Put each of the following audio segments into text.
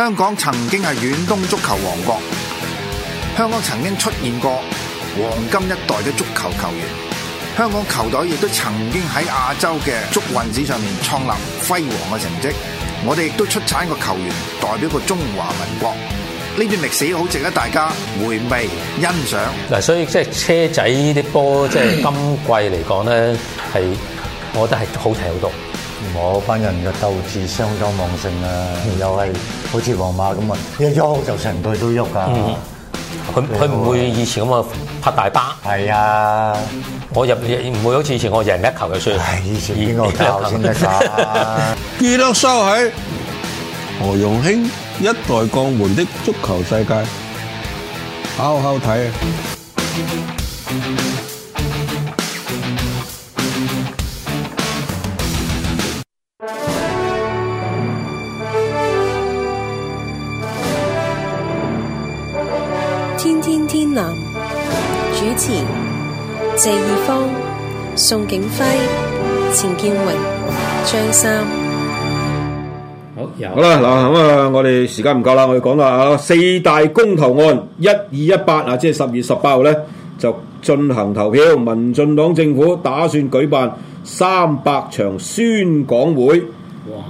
香港曾經係遠東足球王國，香港曾經出現過黃金一代嘅足球球員，香港球隊亦都曾經喺亞洲嘅足運史上面創立輝煌嘅成績。我哋亦都出產一個球員代表過中華民國，呢段歷史好值得大家回味欣賞。嗱，所以即係車仔啲波，即係今季嚟講咧，係 我覺得係好睇好多。我班人嘅鬥志相當旺盛啊！是的 又係好似皇馬咁、嗯、啊，一喐就成隊都喐噶。佢佢唔會以前咁啊，拍大巴。係啊，我入唔會好似以前我贏一球嘅算。以前邊個教先得㗎？記得收起何容興一代鋼門的足球世界，好好睇啊！天主持：謝義方、宋景輝、陳建榮、張三。好有啦嗱，咁啊、嗯，我哋時間唔夠啦，我哋講啦四大公投案，一二一八啊，即係十二月十八號咧，就進行投票。民進黨政府打算舉辦三百場宣講會。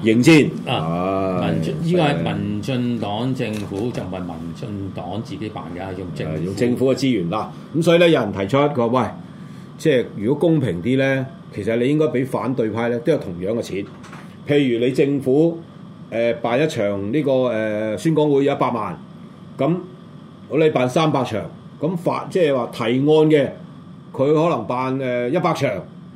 迎戰啊！民呢個係民進黨政府，的就唔係民進黨自己辦嘅，用政用政府嘅資源嗱。咁所以咧，有人提出一個喂，即係如果公平啲咧，其實你應該俾反對派咧都有同樣嘅錢。譬如你政府誒、呃、辦一場呢、這個誒、呃、宣講會有一百萬，咁我你辦三百場，咁發即係話提案嘅，佢可能辦誒一百場。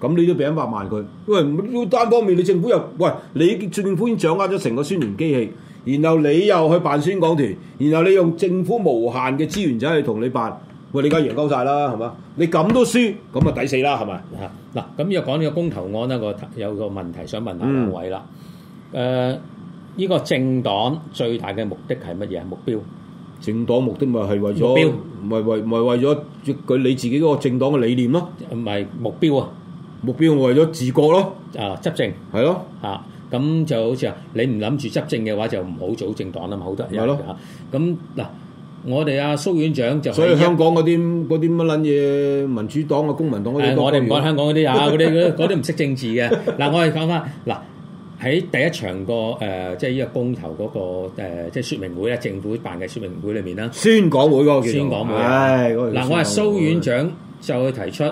咁你都俾一百萬佢？喂，要單方面你政府又喂，你政府已經掌握咗成個宣傳機器，然後你又去辦宣講團，然後你用政府無限嘅資源仔去同你辦，喂，你梗贏鳩晒啦，係嘛？你咁都輸，咁啊抵死啦，係咪？嗱、嗯，咁又講呢個公投案咧，我有個問題想問一下兩位啦。誒、呃，呢、這個政黨最大嘅目的係乜嘢？目標？政黨目的咪係為咗？唔係標為唔係為咗佢你自己嗰個政黨嘅理念咯？唔係目標啊！目標我為咗治國咯，啊執政係咯嚇，咁、啊、就好似啊，你唔諗住執政嘅話，就唔好組政黨啦嘛，好得意嚇。咁嗱咯、啊啊，我哋阿、啊、蘇院長就是、所以香港嗰啲啲乜撚嘢民主黨啊、公民黨、啊、我哋唔講香港嗰啲 啊，嗰啲啲唔識政治嘅。嗱、啊，我哋講翻嗱喺第一場個誒、呃，即係依個公投嗰、嗰個誒、呃，即係説明會咧，政府辦嘅説明會裏面啦，宣講會嗰個，個宣講會、啊、嗱、哎那個啊、我係蘇院長就去提出。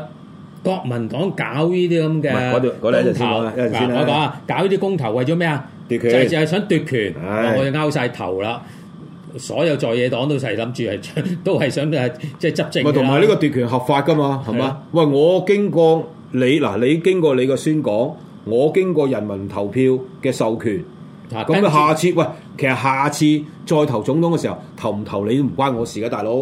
國民黨搞呢啲咁嘅公投，那個那個，我講啊，搞呢啲公投為咗咩啊？就係想奪權，我哋拗晒頭啦。所有在野黨都係諗住係，都係想即係執政。同埋呢個奪權合法噶嘛，係嘛吧？啊、喂，我經過你嗱，你經過你嘅宣講，我經過人民投票嘅授權。咁啊，下次喂，其實下次再投總統嘅時候，投唔投你都唔關我事嘅，啊，大佬。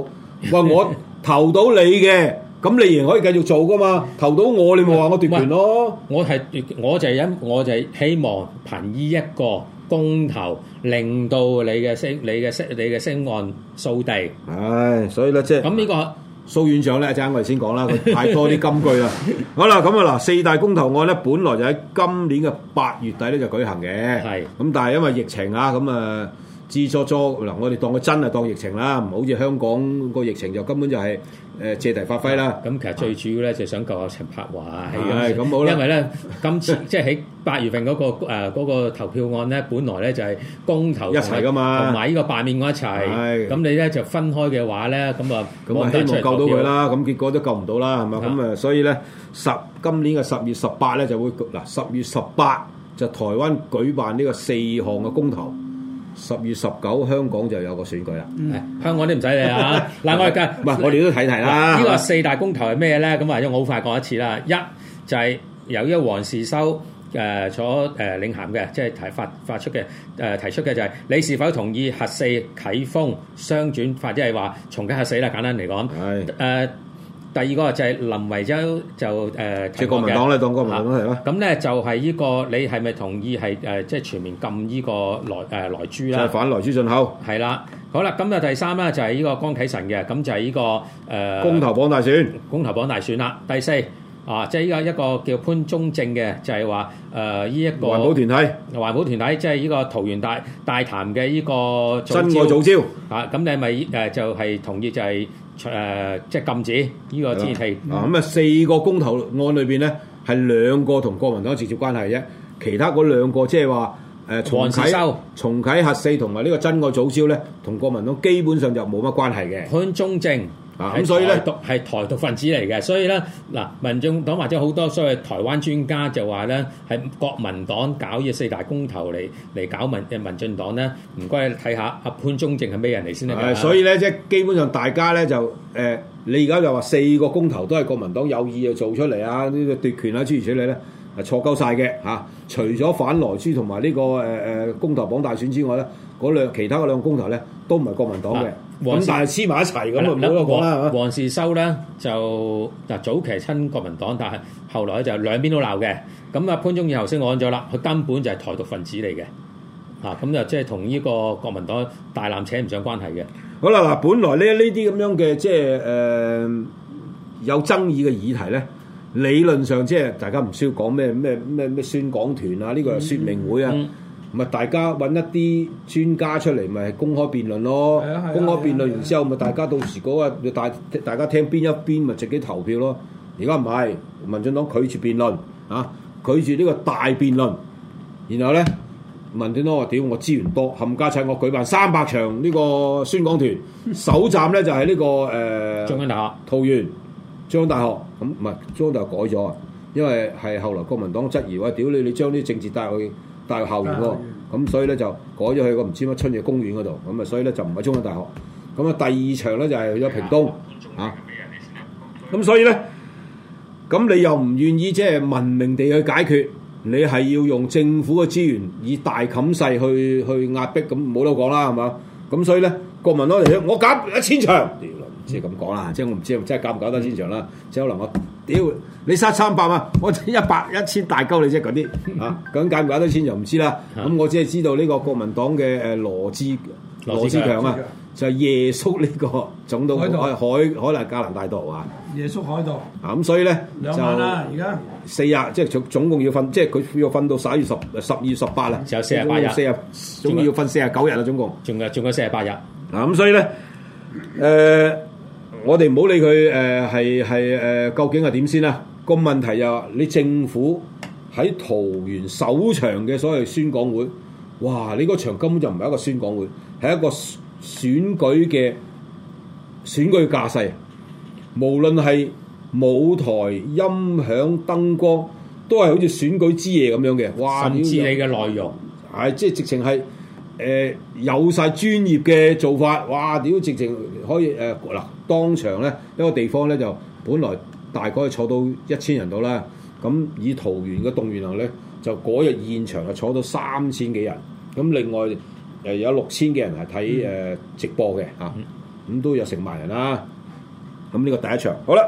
喂，我投到你嘅。 咁你仍然可以繼續做噶嘛？投到我，你冇話我奪權咯。我係我就係因我就係希望憑依一個公投，令到你嘅聲、你嘅聲、你嘅聲案掃地。唉，所以咧即係咁呢個蘇院長咧，陣間我哋先講啦，佢太多啲金句啦。好啦，咁啊嗱，四大公投案咧，本來就喺今年嘅八月底咧就舉行嘅。係，咁但係因為疫情啊，咁啊。自作作嗱，我哋當佢真係當疫情啦，唔好似香港個疫情就根本就係誒借題發揮啦。咁 其實最主要咧就想救下陳柏華係，對啊、因為咧 今次即係喺八月份嗰、那個誒、呃那個、投票案咧，本來咧就係、是、公投一齊嘛，同埋的呢個罷免案一齊，咁你咧就分開嘅話咧，咁啊咁我希望救到佢啦，咁結果都救唔到啦，係嘛？咁啊、 嗯，所以咧十今年嘅十月十八咧就會嗱，十月十八就台灣舉辦呢個四項嘅公投。十月十九香港就有個選舉啦，嗯、香港都唔使理嚇，嗱我哋嘅，唔我哋都睇睇啦。呢、呢個四大公投係咩咧？咁啊，因為我好快講一次啦。一就係、是、由一個黃士修誒所誒領銜嘅，即係提發發出嘅誒、呃、提出嘅就係你是否同意核四啟封商轉發？即係話重啟核四啦，簡單嚟講，係誒的。呃呃第二個就係、是、林維洲就誒、呃、提嘅，咁咧、啊、就係、是、呢、這個你係咪同意係誒即係全面禁呢個來誒萊、呃、豬啦？就係反萊豬進口。係啦，好啦，咁啊第三啦就係呢個江啟臣嘅，咁就係呢、這個誒、呃、公投榜大選，公投榜大選啦，第四。啊，即係依個一個叫潘忠政嘅，就係話誒，依一個環保團體，環保團體即係依個桃園大大潭嘅依個珍愛藻礁啊！咁你係咪誒就係同意就係誒即係禁止呢個天然氣？啊咁啊，四個公投案裏邊咧，係兩個同國民黨直接關係啫，其他嗰兩個即係話誒重啟重啟核四同埋呢個珍愛藻礁咧，同國民黨基本上就冇乜關係嘅。潘忠政。咁、嗯、所以咧，係台，台獨分子嚟嘅，所以咧，嗱，民進黨或者好多所謂台灣專家就話咧，係國民黨搞嘢四大公投嚟嚟搞民嘅民進黨咧，唔該睇下阿潘忠政係咩人嚟先啦。所以咧，即係基本上大家咧就誒、呃，你而家就話四個公投都係國民黨有意就做出嚟啊，呢個奪權啊諸如此類咧，係錯鳩晒嘅嚇。除咗反萊豬同埋呢個誒誒、呃、公投綁大選之外咧，嗰其他嗰兩個公投咧都唔係國民黨嘅。啊咁大係黐埋一齊咁啊冇得講啦，黃士修咧就嗱早期親國民黨，但係後來就兩邊都鬧嘅。咁啊潘忠義頭先講咗啦，佢根本就係台獨分子嚟嘅，吓、啊、咁就即係同呢個國民黨大難扯唔上關係嘅。好啦嗱，本來呢呢啲咁樣嘅即係誒、呃、有爭議嘅議題咧，理論上即、就、係、是、大家唔需要講咩咩咩咩宣講團啊，呢、這個係說明會啊。嗯嗯咪大家揾一啲專家出嚟，咪公開辯論咯。啊啊、公開辯論完之、啊啊啊啊、後，咪大家到時嗰個大大家聽邊一邊，咪自己投票咯。而家唔係民進黨拒絕辯論，嚇、啊、拒絕呢個大辯論。然後咧，民進黨話：屌我資源多，冚家砌我舉辦三百場呢個宣講團。首站咧就喺、是、呢、這個誒。呃、中央大學桃園、中央大學，咁唔係中央大、啊、大學改咗啊？因為係後來國民黨質疑話：屌你你將啲政治帶去。大學校園喎，咁、嗯、所以咧就改咗去個唔知乜春嘅公園嗰度，咁啊所以咧就唔喺中山大學。咁啊第二場咧就係、是、去咗屏東嚇，咁所以咧，咁你又唔願意即係、就是、文明地去解決，你係要用政府嘅資源以大冚細去去壓迫，咁冇得講啦，係嘛？咁所以咧，國民攞嚟嘅，我搞一千場。唔、嗯、知咁講啦，即係我唔知，即係搞唔搞得千場啦。即係可能我。屌！你嘥三百萬，我一百一千大鳩你啫，嗰啲嚇咁解唔解多錢就唔知啦。咁我只係知道呢個國民黨嘅誒羅志羅志強啊，就係耶穌呢個總統海海海地加拿大島啊。耶穌海盜啊！咁所以咧兩萬啦，而家四日即係總總共要瞓，即係佢要瞓到十一月十十二月十八啊。仲有四十八日，四日總共要瞓四十九日啊，總共仲有仲有四十八日嗱。咁所以咧誒。我哋唔好理佢誒係係誒究竟係點先啦？個問題就係你政府喺桃園首場嘅所謂宣講會，哇！呢個場根本就唔係一個宣講會，係一個選舉嘅選舉架勢。無論係舞台、音響、燈光，都係好似選舉之夜咁樣嘅。哇！甚至你嘅內容，係即係直情係。誒、呃、有晒專業嘅做法，哇！屌直情可以誒嗱、呃，當場咧一個地方咧就本來大概坐到一千人度啦，咁、嗯嗯、以桃園嘅動員量咧，就嗰日現場就坐到三千幾人，咁、嗯嗯、另外誒、呃、有六千幾人係睇誒直播嘅嚇，咁、啊、都、嗯嗯、有成萬人啦、啊。咁、嗯、呢、這個第一場好啦，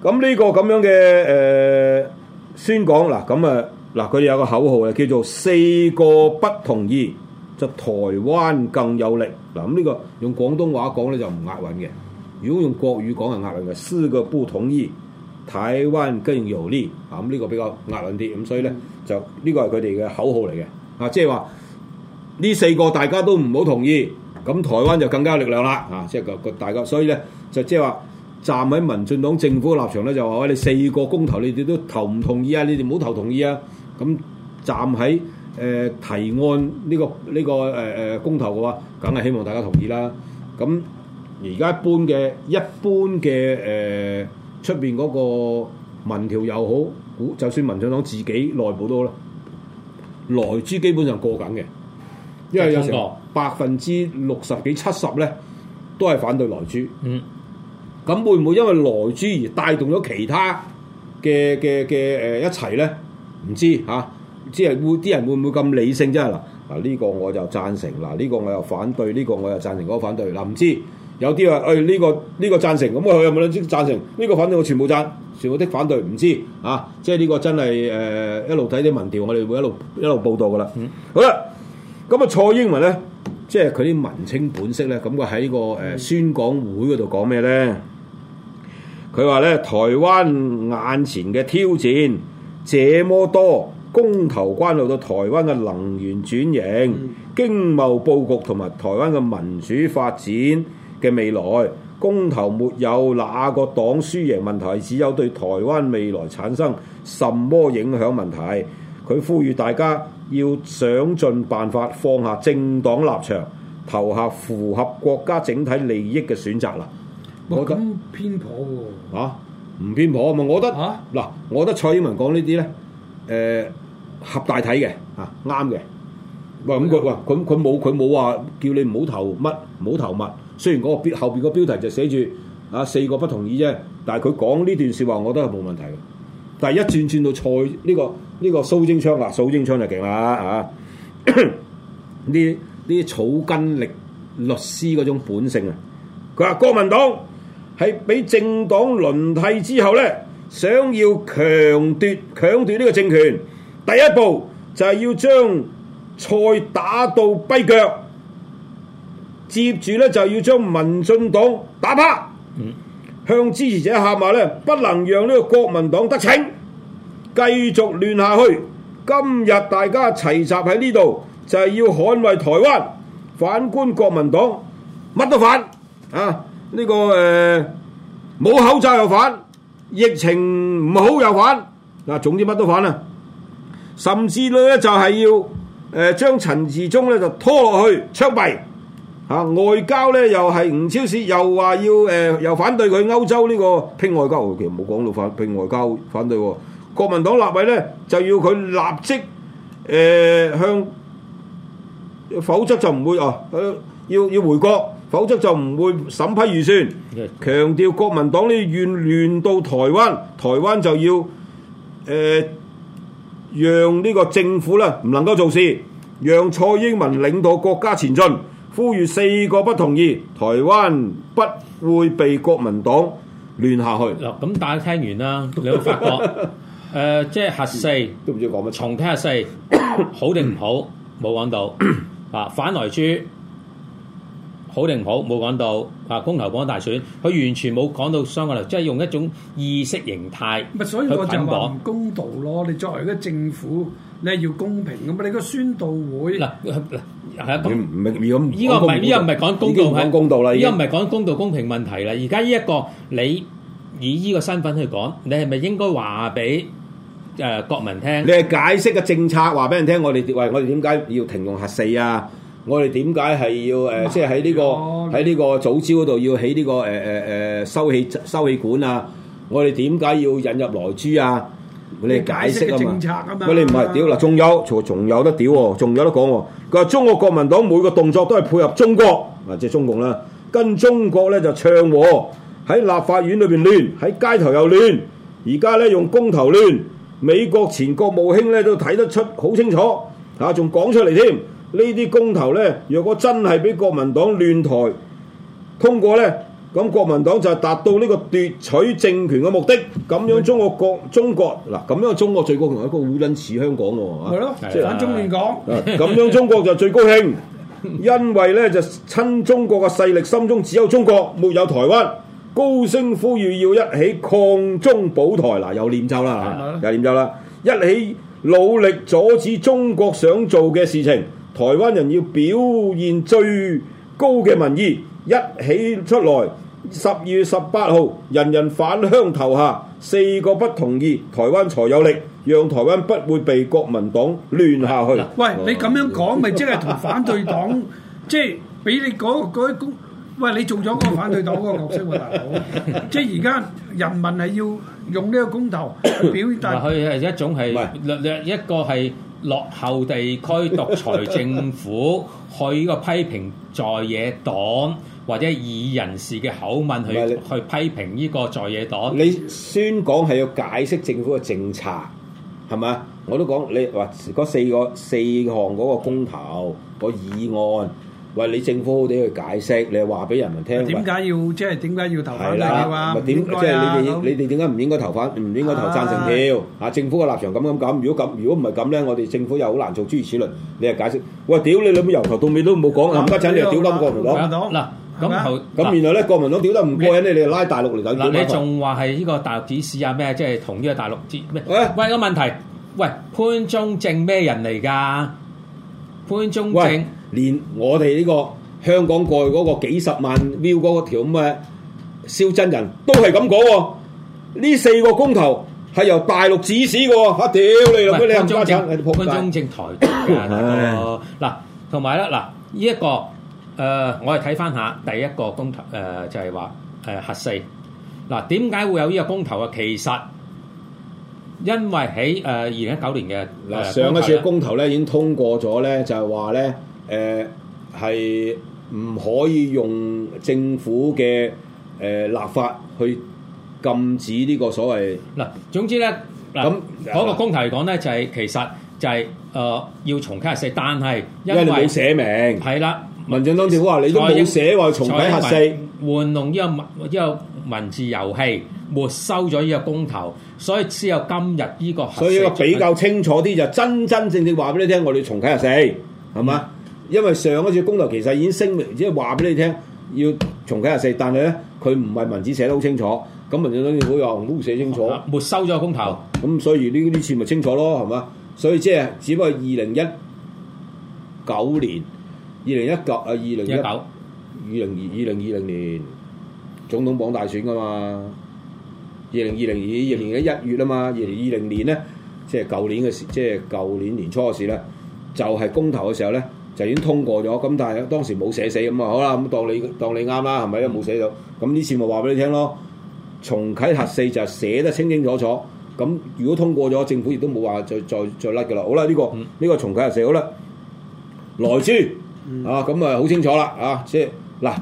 咁、嗯、呢、這個咁樣嘅誒、呃、宣講嗱，咁啊嗱，佢哋、呃呃呃呃呃、有個口號啊，叫做四個不同意。台灣更有力嗱，咁呢個用廣東話講咧就唔押韻嘅。如果用國語講係押韻嘅，四個不同意，台灣更有力啊！咁呢個比較押韻啲，咁所以咧就呢個係佢哋嘅口號嚟嘅啊，即係話呢四個大家都唔好同意，咁台灣就更加有力量啦啊！即係個個大家，所以咧就即係話站喺民進黨政府立場咧，就話喂你四個公投，你哋都投唔同意啊，你哋唔好投同意啊！咁站喺誒、呃、提案呢、這個呢、這個誒誒、呃、公投嘅話，梗係希望大家同意啦。咁而家一般嘅一般嘅誒出邊嗰個民調又好，估就算民進黨自己內部都好啦，萊豬基本上過緊嘅，因為有成百分之六十幾七十咧，都係反對萊豬，嗯，咁會唔會因為萊豬而帶動咗其他嘅嘅嘅誒一齊咧？唔知嚇。啊即係會啲人會唔會咁理性真係嗱嗱呢個我就贊成嗱呢、這個我又反對呢、這個我又贊成嗰、這個反對嗱唔知有啲話誒呢個呢、這個贊成咁佢有冇兩種贊成呢個反對我全部贊全部的反對唔知啊即係呢個真係誒、呃、一路睇啲民調我哋會一路一路報道噶啦、嗯、好啦咁啊蔡英文咧即係佢啲文青本色咧咁佢喺個誒、呃、宣講會嗰度講咩咧佢話咧台灣眼前嘅挑戰這麼多。公投關到到台灣嘅能源轉型、嗯、經貿佈局同埋台灣嘅民主發展嘅未來，公投沒有哪個黨輸贏問題，只有對台灣未來產生什麼影響問題。佢呼籲大家要想盡辦法放下政黨立場，投下符合國家整體利益嘅選擇啦。不我咁偏頗喎，唔偏頗啊嘛、啊！我覺得嗱，啊、我覺得蔡英文講呢啲咧，誒、呃。合大體嘅啊，啱嘅。嗯、喂，咁佢喂，佢佢冇佢冇話叫你唔好投乜，唔好投乜。雖然嗰、那個標後邊個標題就寫住啊四個不同意啫，但係佢講呢段説話，我覺得冇問題。但係一轉轉到蔡呢、呢個呢、呢個蘇貞昌啊，蘇貞昌就勁啦啊！啲啲 草根力律師嗰種本性啊，佢話國民黨喺俾政黨輪替之後咧，想要強奪強奪呢個政權。第一步就係、是、要將蔡打到跛腳，接住咧就要將民進黨打趴，嗯、向支持者喊話咧，不能讓呢個國民黨得逞，繼續亂下去。今日大家齊集喺呢度，就係、是、要捍衛台灣，反觀國民黨乜都反啊，呢、這個誒冇、呃、口罩又反，疫情唔好又反，嗱、啊，總之乜都反啦、啊。甚至咧就係要誒、呃、將陳志忠咧就拖落去槍斃嚇、啊、外交咧又係吳釗燮又話要誒、呃、又反對佢歐洲呢、這個拼外交，其實冇講到反拼外交反對、哦、國民黨立委咧就要佢立即誒、呃、向，否則就唔會哦、呃，要要回國，否則就唔會審批預算，強調國民黨呢怨亂到台灣，台灣就要誒。呃讓呢個政府咧唔能夠做事，讓蔡英文領導國家前進，呼籲四個不同意，台灣不會被國民黨亂下去。嗱，咁大家聽完啦，你會發覺。誒、呃，即係核四都唔知講乜，重聽核四 好定唔好，冇揾到啊， 反萊豬。好定好冇講到啊！公投講大選，佢完全冇講到相關嘅，即係用一種意識形態去所以我就講公道咯。你作為一個政府，你係要公平咁你個宣導會嗱嗱係啊！依個唔依個唔係依個唔係講公道，依家唔講公道啦，依家唔係講公道，公，道，公，道，公，道公平問題啦。而家呢一個你以呢個身份去講，你係咪應該話俾誒國民聽？你係解釋嘅政策話俾人聽，我哋為我哋點解要停用核四啊？我哋點解係要誒，即係喺呢個喺呢個早朝嗰度要起呢、呢個誒誒誒收氣收氣管啊！我哋點解要引入萊豬啊？解啊，你解釋啊嘛，佢哋唔係屌嗱，仲有仲仲有，有得屌喎，仲有得講喎。佢話中國國民黨每個動作都係配合中國啊，即中共啦，跟中國咧就唱和，喺立法院裏邊亂，喺街頭又亂，而家咧用公投亂，美國前國務卿咧都睇得出好清楚嚇，仲、啊、講出嚟添。呢啲公投呢，若果真係俾國民黨亂台通過呢，咁國民黨就係達到呢個奪取政權嘅目的。咁樣中國國中國嗱，咁樣中國最高興係一個烏鎮似香港喎、哦，係咯的，反中亂港。咁的樣中國就最高興， 因為呢，就親中國嘅勢力心中只有中國，沒有台灣。高聲呼籲要一起抗中保台，嗱又念咒啦，的又念咒啦，一起努力阻止中國想做嘅事情。台灣人要表現最高嘅民意，一起出來。十二月十八號，人人返鄉投下，四個不同意，台灣才有力，讓台灣不會被國民黨亂下去。喂，你咁樣講，咪即係同反對黨，即係俾你嗰嗰啲公，喂，你做咗嗰個反對黨嗰個角色喎大佬。即係而家人民係要用呢個公投去表達。佢係一種係略略一個係。落後地區獨裁政府，去呢個批評在野黨或者以人士嘅口吻去你去批評呢個在野黨。你宣講係要解釋政府嘅政策，係嘛？我都講你話嗰四個四項嗰個公投、嗰個議案。喂，你政府好啲去解釋，你話俾人民聽。點解要即係點解要投反你哋話？點即係你哋，你哋點解唔應該投反？唔應該投贊成票？嚇！政府嘅立場咁咁咁。如果咁，如果唔係咁咧，我哋政府又好難做諸如此類。你係解釋？喂，屌你老母由頭到尾都冇講，冚家鏟你又屌冧國民黨。嗱咁後咁原來咧，國民黨屌得唔過癮咧？你又拉大陸嚟搞？嗱，你仲話係呢個大陸指示啊？咩？即係同呢個大陸接咩？喂，個問題，喂，潘忠正咩人嚟㗎？潘忠正。連我哋呢個香港過去嗰個幾十萬 view 嗰個條咁嘅燒真人都係咁講，呢四個公投係由大陸指使嘅，吓屌喂你老，你阿媽真係分中正台度嗱同埋啦，嗱呢一個誒、呃，我哋睇翻下第一個公投誒、呃，就係話誒核四嗱，點、呃、解會有呢個公投啊？其實因為喺誒二零一九年嘅嗱、呃、上一次嘅公投咧、嗯、已經通過咗咧，就係話咧。誒，係唔、呃、可以用政府嘅誒、呃、立法去禁止呢個所謂嗱，總之咧，咁嗰樣個公投嚟講咧，就係其實就係、是、誒、呃、要重啟核四，但係因，因為你寫名，係啦了，文民政黨政府話你都冇寫話重啟核四，玩弄呢個文呢個文字遊戲，沒收咗呢個公投，所以只有今日呢個，所以比較清楚啲就真真正正話俾你聽，我哋重啟核四係嘛。嗯因為上一次公投其實已經聲明，即係話俾你聽要重計下四，但係咧佢唔係文字寫得好清楚，咁文字嗰啲好又唔好寫清楚，沒收咗公投，咁、嗯、所以呢呢次咪清楚咯，係嘛？所以即係只不過二零一九年、二零一九啊、二零一九、二零二零二零年總統綁大選㗎嘛？二零二零二二年嘅一月啊嘛，二零二零年咧，即係舊年嘅時，即係舊年年初嘅時咧，就係、是、公投嘅時候咧。就已經通過咗，咁但係當時冇寫死咁啊、嗯，好啦，咁當你當你啱啦，係咪啊？冇寫到，咁、嗯、呢、嗯、次咪話俾你聽咯，重啟核四就寫得清清楚楚，咁、嗯、如果通過咗，政府亦都冇話再再再甩嘅啦，好啦，呢、呢個呢、呢個重啟核四好啦，萊豬啊，咁、嗯、啊好清楚啦啊，即係嗱，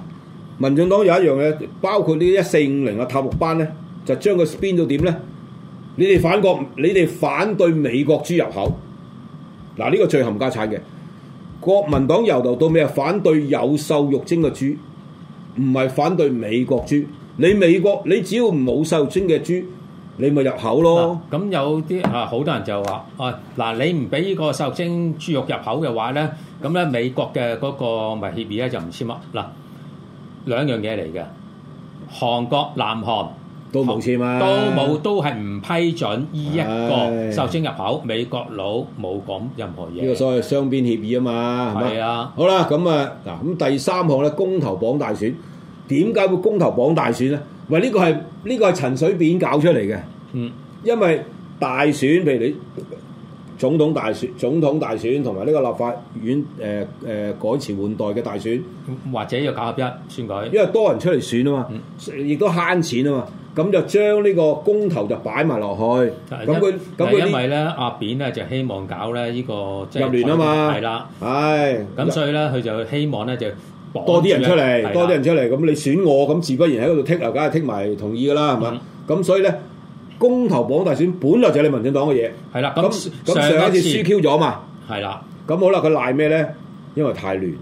民眾黨有一樣嘢，包括呢啲一四五零嘅塔木班咧，就將佢編到點咧？你哋反國，你哋反對美國豬入口，嗱呢、呢個最冚家產嘅。國民黨由頭到尾啊，反對有瘦肉精嘅豬，唔係反對美國豬。你美國你只要冇瘦肉精嘅豬，你咪入口咯。咁有啲啊，好、啊、多人就話，啊，嗱、啊，你唔俾呢個瘦肉精豬肉入口嘅話咧，咁咧美國嘅嗰個咪協議咧就唔簽乜。啊」嗱，兩樣嘢嚟嘅，韓國、南韓。都冇錢嘛，都冇都係唔批准呢一個受精入口。的美國佬冇講任何嘢。呢個所謂雙邊協議啊嘛，係咪啊？好啦，咁啊嗱，咁第三項咧，公投綁大選，點解會公投綁大選咧？喂，呢、呢個係呢、呢個係陳水扁搞出嚟嘅。嗯，因為大選譬如你總統大選、總統大選同埋呢個立法院誒誒、呃呃、改朝換代嘅大選，或者要搞九合一選舉，因為多人出嚟選啊嘛，亦都慳錢啊嘛。咁就將呢個公投就擺埋落去，咁佢咁佢因為咧，阿扁咧就希望搞咧呢個入聯啊嘛，係啦，唉，咁所以咧，佢就希望咧就綁多啲人出嚟，多啲人出嚟，咁你選我，咁自不然喺嗰度 tick 啊，梗係 tick 埋同意噶啦，係嘛，咁所以咧，公投綁大選本來就係你民進黨嘅嘢，係啦，咁上一次輸 Q 咗嘛，係啦，咁好啦，佢賴咩咧？因為太亂，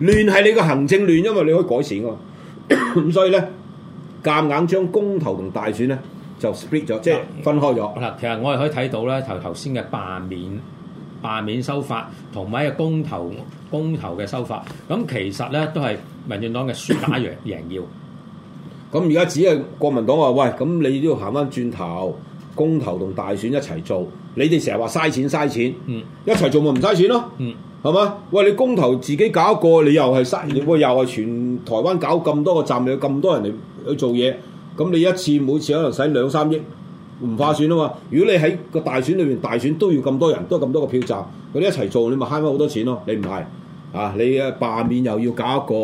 亂係你個行政亂，因為你可以改善噶嘛，咁所以咧。夾硬將公投同大選咧就 split 咗，即係分開咗。嗱，其實我哋可以睇到咧，頭頭先嘅罷免罷免修法，同埋一個公投公投嘅修法，咁其實咧都係民進黨嘅輸打贏贏要。咁而家只係國民黨話：喂，咁你都要行翻轉頭，公投同大選一齊做。你哋成日話嘥錢嘥錢，嗯、一齊做咪唔嘥錢咯，係嘛、嗯？喂，你公投自己搞一個，你又係嘥，你又係全台灣搞咁多個站，你有咁多人嚟去做嘢，咁你一次每次可能使兩三億，唔划算啊嘛！如果你喺個大選裏邊，大選都要咁多人，都咁多個票站，佢一齊做，你咪慳翻好多錢咯。你唔係啊？你嘅罷免又要搞一個，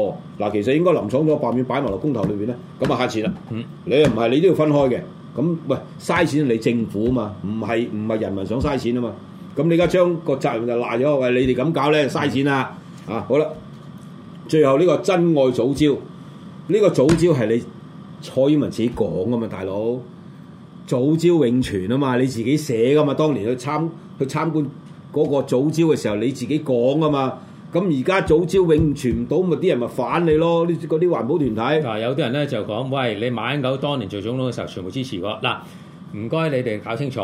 嗱、啊，其實應該林廠咗罷免擺埋落公投裏邊咧，咁啊慳錢啦。嗯、你又唔係？你都要分開嘅。咁喂，嘥錢你政府啊嘛，唔係唔係人民想嘥錢啊嘛，咁你而家將個責任就賴咗我，喂，你哋咁搞咧嘥錢啦。啊好啦，最後呢個珍愛藻礁，呢個藻礁係你蔡英文自己講噶嘛，大佬，藻礁永存啊嘛，你自己寫噶嘛，當年去參去參觀嗰個藻礁嘅時候，你自己講噶嘛。咁而家早朝永存唔到，咪啲人咪反你咯？呢啲啲環保團體。嗱、啊，有啲人咧就講，喂，你馬英九當年做總統嘅時候，全部支持我。嗱、啊，唔該你哋搞清楚，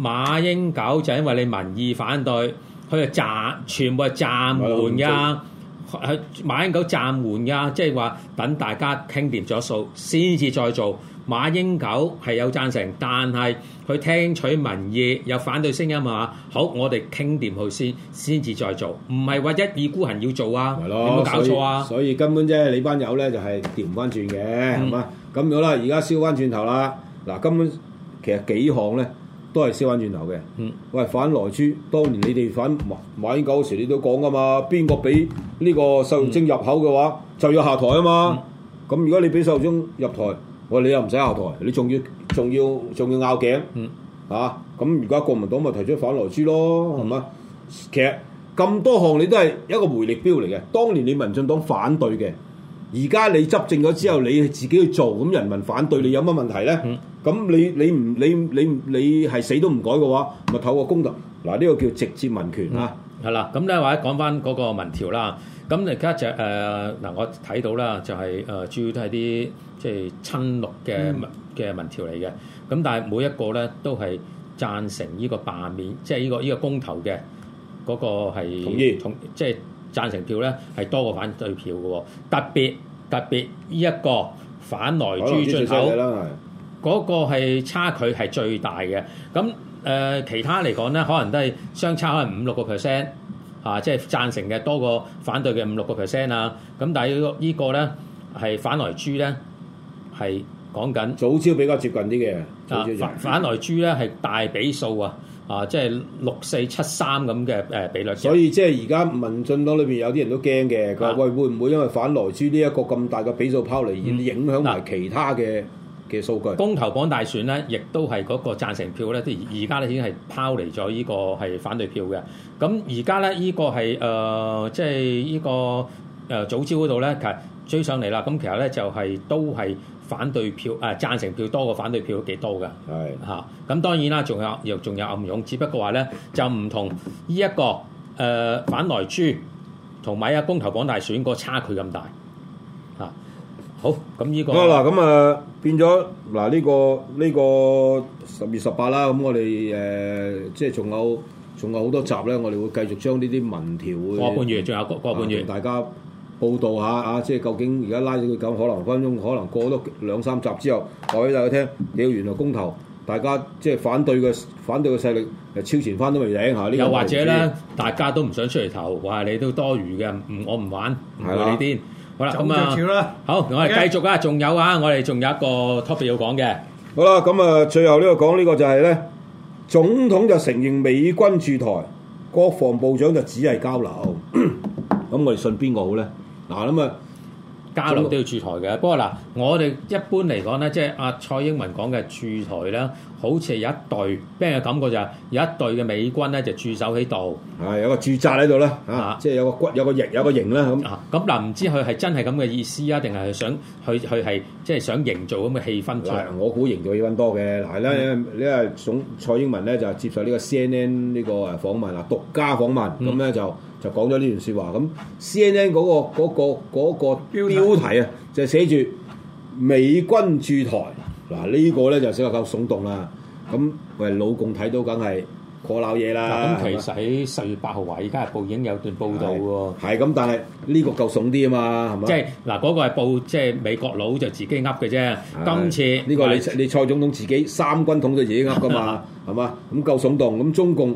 馬英九就因為你民意反對，佢就暫，全部係暫緩噶。哎係馬英九暫緩㗎，即係話等大家傾掂咗數，先至再做。馬英九係有贊成，但係佢聽取民意有反對聲音啊嘛！好，我哋傾掂佢先，先至再做，唔係話一意孤行要做啊！係咯，有冇搞錯啊？所以根本即係你班友咧，就係調唔翻轉嘅，係嘛？咁好啦，而家燒翻轉頭啦。嗱，根本其實幾項咧？都係燒返轉頭嘅。喂，反萊豬，當年你哋反買狗嗰時，你都講㗎嘛？邊個俾呢個瘦精入口嘅話、嗯、就要下台啊嘛？咁如果你俾瘦精入台，喂，你又唔使下台，你仲要仲要仲要拗頸、嗯、啊？咁而家國民黨咪提出反萊豬咯，係咪、嗯？其實咁多項你都係一個回力標嚟嘅。當年你民進黨反對嘅，而家你執政咗之後，你自己去做，咁人民反對你有乜問題咧？嗯咁你你唔你你你係死都唔改嘅話，咪透過公投嗱，呢個叫直接民權啊，係啦。咁咧或者講翻嗰個民調啦，咁而家就誒嗱，我睇到啦，就係誒主要都係啲即係親綠嘅民嘅民調嚟嘅。咁但係每一個咧都係贊成呢個罷免，即係呢個依個公投嘅嗰個係同意同，即係贊成票咧係多過反對票嘅。特別特別呢一個反萊豬進口。嗰個係差距係最大嘅，咁誒、呃、其他嚟講咧，可能都係相差可能五六個 percent 嚇，即係贊成嘅多過反對嘅五六個 percent 啊。咁但係、這、呢、個這個呢咧係反萊豬咧係講緊藻礁比較接近啲嘅，反反萊豬咧係大比數啊，啊即係六四七三咁嘅誒比率。所以即係而家民進黨裏邊有啲人都驚嘅，佢話、啊、喂會唔會因為反萊豬呢一個咁大嘅比數拋離而影響埋、嗯、其他嘅？公投綁大選咧，亦都係嗰個贊成票咧，即係而家咧已經係拋離咗呢個係反對票嘅。咁而家咧呢、這個係誒、呃，即係、這個呃、呢個誒早朝嗰度咧，其實追上嚟啦。咁其實咧就係、是、都係反對票，誒、呃、贊成票多過反對票幾多嘅？係嚇是的、啊。咁當然啦，仲有又仲有暗湧，只不過話咧就唔同呢、這、一個誒、呃、反萊豬同埋啊公投綁大選個差距咁大。好，咁呢個啊，嗱，咁啊，變咗，嗱呢個呢個十月十八啦，咁我哋誒即係仲有仲有好多集咧，我哋會繼續將呢啲民調會個半月，仲有個個半月，大家報道下啊，即係究竟而家拉咗佢咁可能分分鐘，可能過多兩三集之後，話俾大家聽，屌原來公投，大家即係反對嘅反對嘅勢力，誒超前翻都未贏，嚇呢個又或者咧，大家都唔想出嚟投，話你都多餘嘅，唔，我唔玩，唔係你癲。好啦，咁啊，好，我哋繼續啊，仲有啊，我哋仲有一個 topic 要講嘅。好啦，咁啊，最後呢個講呢個就係咧，總統就承認美軍駐台，國防部長就只係交流。咁我哋信邊個好咧？嗱，咁啊。交流都要駐台嘅，不過嗱，我哋一般嚟講咧，即係阿蔡英文講嘅駐台咧，好似係有一隊，俾人嘅感覺就係有一隊嘅美軍咧就駐守喺度，係、啊、有個駐紮喺度咧，嚇、啊，啊、即係有個骨、有個型，有個型咧咁。啊，咁嗱，唔知佢係真係咁嘅意思啊，定係想佢佢係即係想營造咁嘅氣氛？嗱，我估營造氣氛多嘅，嗱係呢，呢話總蔡英文咧就接受呢個 CNN 呢個誒訪問啦，獨家訪問，咁咧、嗯、就。就講咗呢段說話，咁 C N N 嗰、那個嗰、那個嗰、那個那個、標題啊，就寫住美軍駐台，嗱、啊這個、呢個咧就寫到夠聳動、啊、啦。咁喂老共睇到梗係火鬧嘢啦。咁其實喺十月八號，華爾街日報已經有段報導喎。係咁，但係呢個夠聳啲啊嘛，係嘛？即係嗱，嗰、那個係報，即、就、係、是、美國佬就自己噏嘅啫。的今次呢個你的你蔡總統自己三軍統就自己噏㗎嘛，係嘛？ 咁夠聳動，咁中共。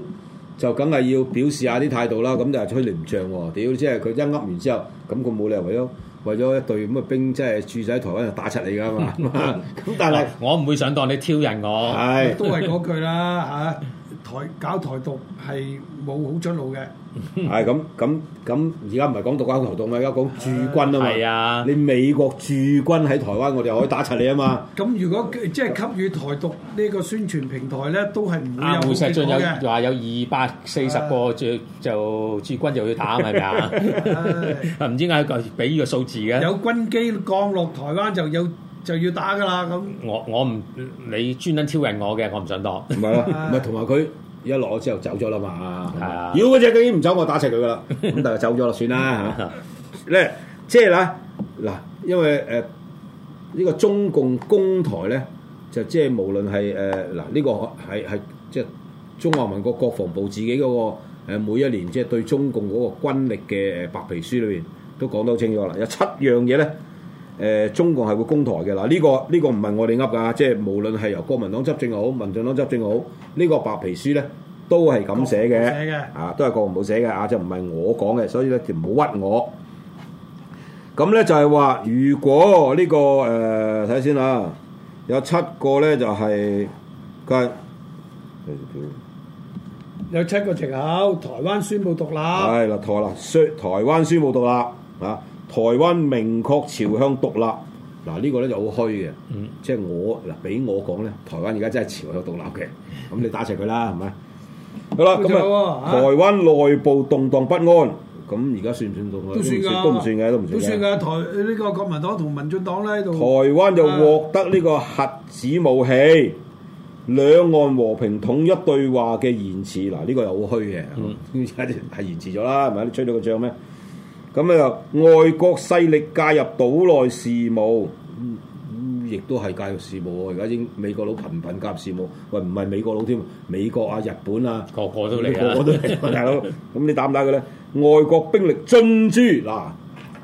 就梗係要表示下啲態度啦，咁就係吹臉仗喎！屌，即係佢一噏完之後，咁佢冇理由為咗為咗一隊咁嘅兵，即係駐喺台灣就打出嚟㗎嘛！咁 但係是我唔會上當，你挑釁我係是都係嗰句啦嚇。 啊台搞台獨係冇好出路嘅、 哎。係咁咁咁，而家唔係講獨、搞台獨啊，而家講駐軍啊嘛。係啊、哎呀，你美國駐軍喺台灣，我哋又可以打齊你啊嘛。咁如果即係給予台獨呢個宣傳平台咧，都係唔會有好結果。話有二百四十個就就駐軍就要打，係咪啊？唔 知點解佢俾呢個數字嘅？有軍機降落台灣就有。就要打噶啦，咁，我我唔你專登挑釁我嘅，我唔想當。唔係啦，唔係同埋佢一攞之後走咗啦嘛。係是啊，妖嗰隻佢已經唔走，我打齊佢噶啦。咁 但係走咗咯，算啦嚇。咧、 啊、即係咧嗱，因為誒呢、呃這個中共攻台咧，就即係無論係誒嗱呢個係係即係中華民國國防部自己嗰個每一年即係對中共嗰個軍力嘅白皮書裏面都講得好清楚啦。有七樣嘢咧。誒，中共係會攻台嘅嗱，呢個呢個唔係我哋噏噶，即係無論係由國民黨執政好，民進黨執政好，呢個白皮書咧都係咁寫嘅。啊，都係國民黨寫嘅啊，就唔係我講嘅，所以咧就唔好屈我，咁咧就係話，如果呢個誒，睇下先啊，有七個咧就係佢有七個藉口，台灣宣布獨立，係啦，台啦，宣台灣宣布獨立啊。台灣明確朝向獨立，嗱呢個咧就好虛嘅，即係我嗱俾我講咧，台灣而家真係朝向獨立嘅，咁你打情佢啦，係咪？好啦，咁啊，台灣內部動盪不安，咁而家算唔算動盪？都算嘅，都唔算嘅，都唔算嘅。台呢個國民黨同民進黨咧喺度。台灣就獲得呢個核子武器，兩岸和平統一對話嘅延遲，嗱呢個又好虛嘅，而家係延遲咗啦，係咪你吹到個脹咩？咁啊，外國勢力介入島內事務，亦都係介入事務。而家已經美國佬頻頻夾事務，喂，唔係美國佬添，美國啊、日本啊，個個都嚟啊，個個都嚟大佬，咁 你打唔打佢咧？外國兵力進駐嗱，呢、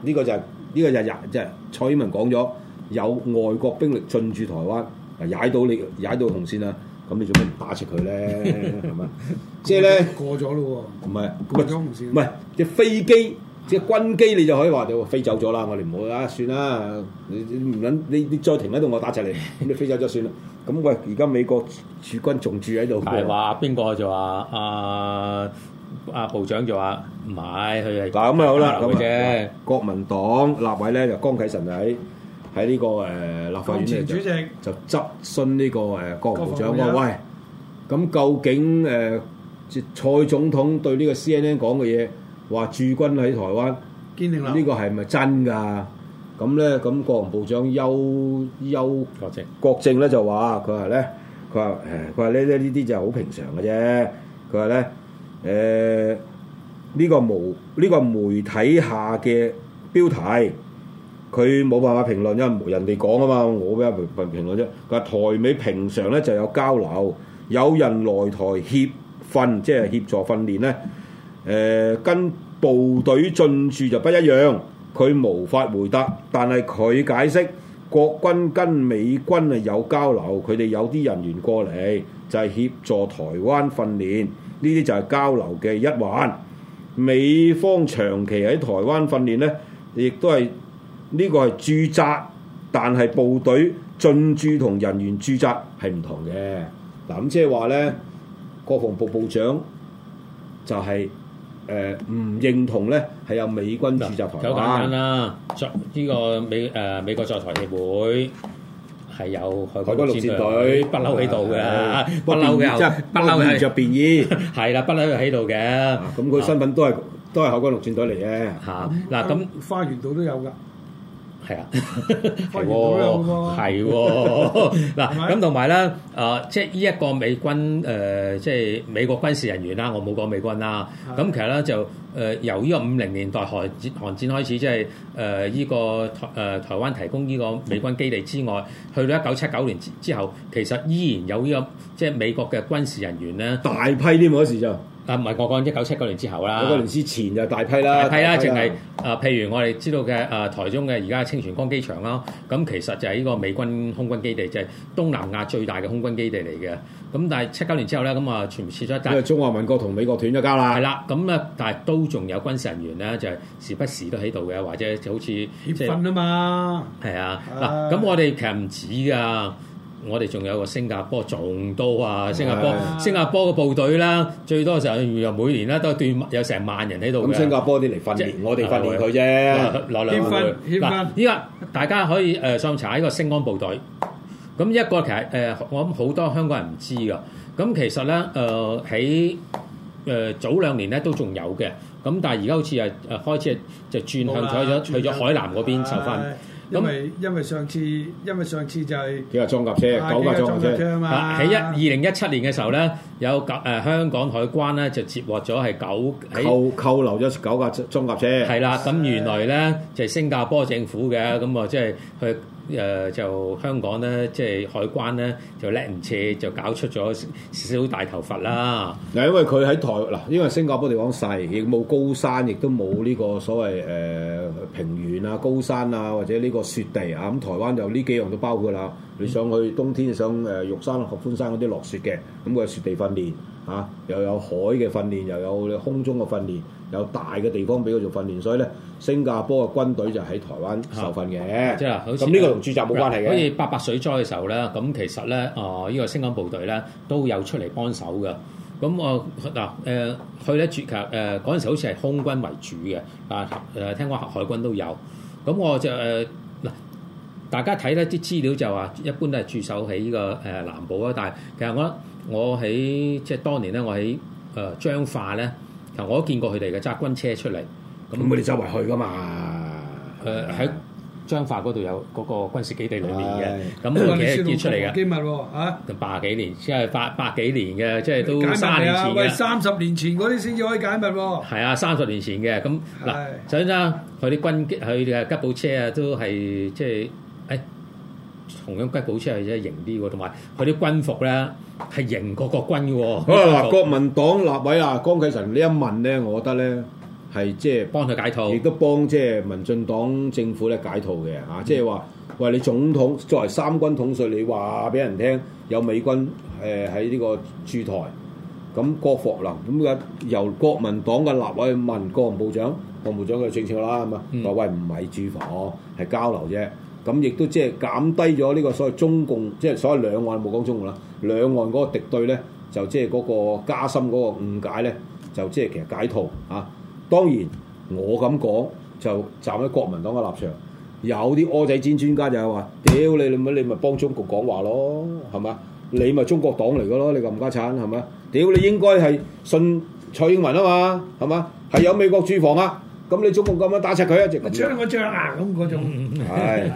呢個就呢、是呢個就即、是、係蔡英文講咗，有外國兵力進駐台灣，踩到你踩到，你到你紅線啦、啊，咁你做咩唔打出佢咧？係咪 的？即係咧過咗咯喎？唔係過咗紅線，唔係即係飛機。即軍機你就可以話就飛走咗啦！我哋唔好啊，算啦，你唔撚你你再停喺度，我打齊你， 你飛走咗算啦。咁、嗯、喂，而家美國駐軍仲住喺度。係話邊個就話阿阿部長、啊、就話唔係，佢係咁啊，好啦，咁啫。國民黨立委咧就江啟臣就喺喺呢個誒、呃、立法院咧就就質詢呢、這個誒、呃、國防部長啊，喂，咁究竟誒、呃、蔡總統對呢個 C N N, N 講嘅嘢？話駐軍喺台灣，呢個係咪真㗎？咁咧，咁國防部長邱邱國政咧就話：佢話咧，佢話誒，佢話咧咧呢啲就好平常嘅啫。佢話咧，誒呢個媒呢個媒體下嘅標題，佢冇辦法評論，因為人哋講啊嘛，我邊有評評評論啫？佢話台美平常咧就有交流，有人來台協訓，即係協助訓練咧。誒跟部隊進駐就不一樣，佢無法回答，但係佢解釋國軍跟美軍係有交流，佢哋有啲人員過嚟就係協助台灣訓練，呢啲就係交流嘅一環。美方長期喺台灣訓練咧，亦都係呢個係駐紮，但係部隊進駐同人員駐紮係唔同嘅。嗱咁即係話咧，國防部部長就係。誒唔認同咧，係有美軍駐紮台灣啦。夠簡單啦，作呢個美誒美國在台協會係有海海軍陸戰隊不嬲喺度嘅，不嬲嘅即係不嬲係著便衣，係啦，不嬲喺度嘅。咁佢身份都係都係海軍陸戰隊嚟嘅。嚇嗱，咁花園道都有㗎。係啊，係喎，係喎，嗱是，咁同埋咧，誒、呃，即係呢一個美軍，誒、呃，即、就、係、是、美國軍事人員啦，我冇講美軍啦，咁是的 其實咧就誒、呃，由依個五零年代韓戰，韓戰開始，即係呢依個誒、呃、台灣提供呢個美軍基地之外，去到一九七九年之之後，其實依然有呢個即係、就是、美國嘅軍事人員咧，大批啲嗰時就。啊，唔係我講一九七九年之後啦，七九年之前就大批啦，大批啦，淨係啊，譬如我哋知道嘅啊、呃，台中嘅而家清泉崗機場啦，咁、嗯、其實就係呢個美軍空軍基地，就係、是、東南亞最大嘅空軍基地嚟嘅。咁、嗯、但係七九年之後咧，咁、嗯、啊全部撤咗。但係中華民國同美國斷咗交啦。係啦、嗯，咁、嗯、啊、嗯，但係都仲有軍事人員咧，就係、是、時不時都喺度嘅，或者就好似結婚啊嘛。係啊、嗯，嗱、嗯，咁我哋其實唔止㗎。嗯嗯嗯嗯嗯我哋仲有個新加坡仲多啊！新加坡、的新加坡嘅部隊啦，最多就又每年咧都係段有成萬人喺度咁，新加坡啲嚟訓練，即我哋訓練佢啫。來來去去嗱，依家分大家可以誒、呃、上查一個星安部隊。咁一個其實誒、呃，我諗好多香港人唔知噶。咁其實咧，誒喺誒早兩年咧都仲有嘅。咁但係而家好似係誒開始就轉向，轉向去咗去咗海南嗰邊了受訓。咁咪因為上次，因為上次就係幾架裝甲車，九架裝甲車啊嘛！喺一二零一七年嘅時候咧，有九誒香港海關咧就接獲咗係九扣扣留咗九架裝裝甲車。係啦，咁原來咧就係新加坡政府嘅，咁啊即係佢。誒、呃、就香港咧，即係海關咧就叻唔切，就搞出咗少少大頭佛啦。嗱，因為佢喺台嗱，因為新加坡地方細，亦冇高山，亦都冇呢個所謂誒、呃、平原啊、高山啊，或者呢個雪地啊。咁台灣就呢幾樣都包括啦。嗯、你想去冬天想誒玉、呃、山、合歡山嗰啲落雪嘅，咁、嗯、佢有雪地訓練嚇，又、啊、有海嘅訓練，又有空中嘅訓練。有大嘅地方俾佢做訓練，所以咧新加坡嘅軍隊就喺台灣受訓嘅、啊。即係，咁呢個同駐紮冇關係嘅、啊。好似八八水災嘅時候咧，咁其實咧，啊、呃，依、這個星光部隊咧都有出嚟幫手嘅。咁我嗱誒、呃、去咧駐紮誒嗰陣時，好似係空軍為主嘅，啊誒聽講海軍都有。咁我就誒嗱、呃，大家睇咧啲資料就話，一般都係駐守喺呢個誒南部啊。但係其實我我喺即係當年咧，我喺誒彰化咧。我都見過佢哋嘅揸軍車出嚟，咁佢哋周圍去噶嘛？誒喺彰化嗰度有嗰個軍事基地裏面嘅，咁嘅嘢揭出嚟嘅，機密喎嚇，八幾年即係八百幾年嘅，即係都三十年嘅。解密啊，喂，三十年前嗰啲先至可以解密喎。係啊，三十年前嘅，咁嗱，首先啊，佢啲軍機，佢嘅吉普車啊，都係即係誒。同樣吉普車係真係型啲喎。同埋佢啲軍服咧係型過國軍嘅喎。嗱、啊，國民黨立委啊，江啟臣呢一問咧，我覺得咧係即係幫佢解套，亦都幫即係民進黨政府咧解套嘅嚇。即係話喂，你總統作為三軍統帥，你話俾人聽有美軍誒喺呢個駐台，咁國防啦，咁嘅由國民黨嘅立委問國防部長，國防部長嘅政策啦，咁、嗯、啊、嗯、喂，唔係駐防，係交流啫。咁亦都即係減低咗呢個所謂中共，即係所謂兩岸冇講中共啦，兩岸嗰個敵對咧，就即係嗰個加深嗰個誤解咧，就即係其實解套啊。當然我咁講就站喺國民黨嘅立場，有啲蚵仔煎專家就係話：屌你你咪你咪幫中共講話咯，係嘛？你咪中國黨嚟嘅咯，你冚家鏟係嘛？屌你應該係信蔡英文啊嘛，係嘛？係有美國駐防啊？咁你總共咁樣打柒佢一直，將嗰將啊咁嗰種，係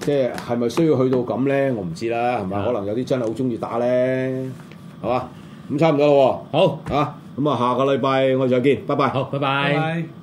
即係係咪需要去到咁呢？我唔知啦，係咪可能有啲真係好鍾意打呢？好嘛？咁差唔多咯，好嚇，咁、啊、下個禮拜我哋再見，拜拜，好，拜拜。Bye bye.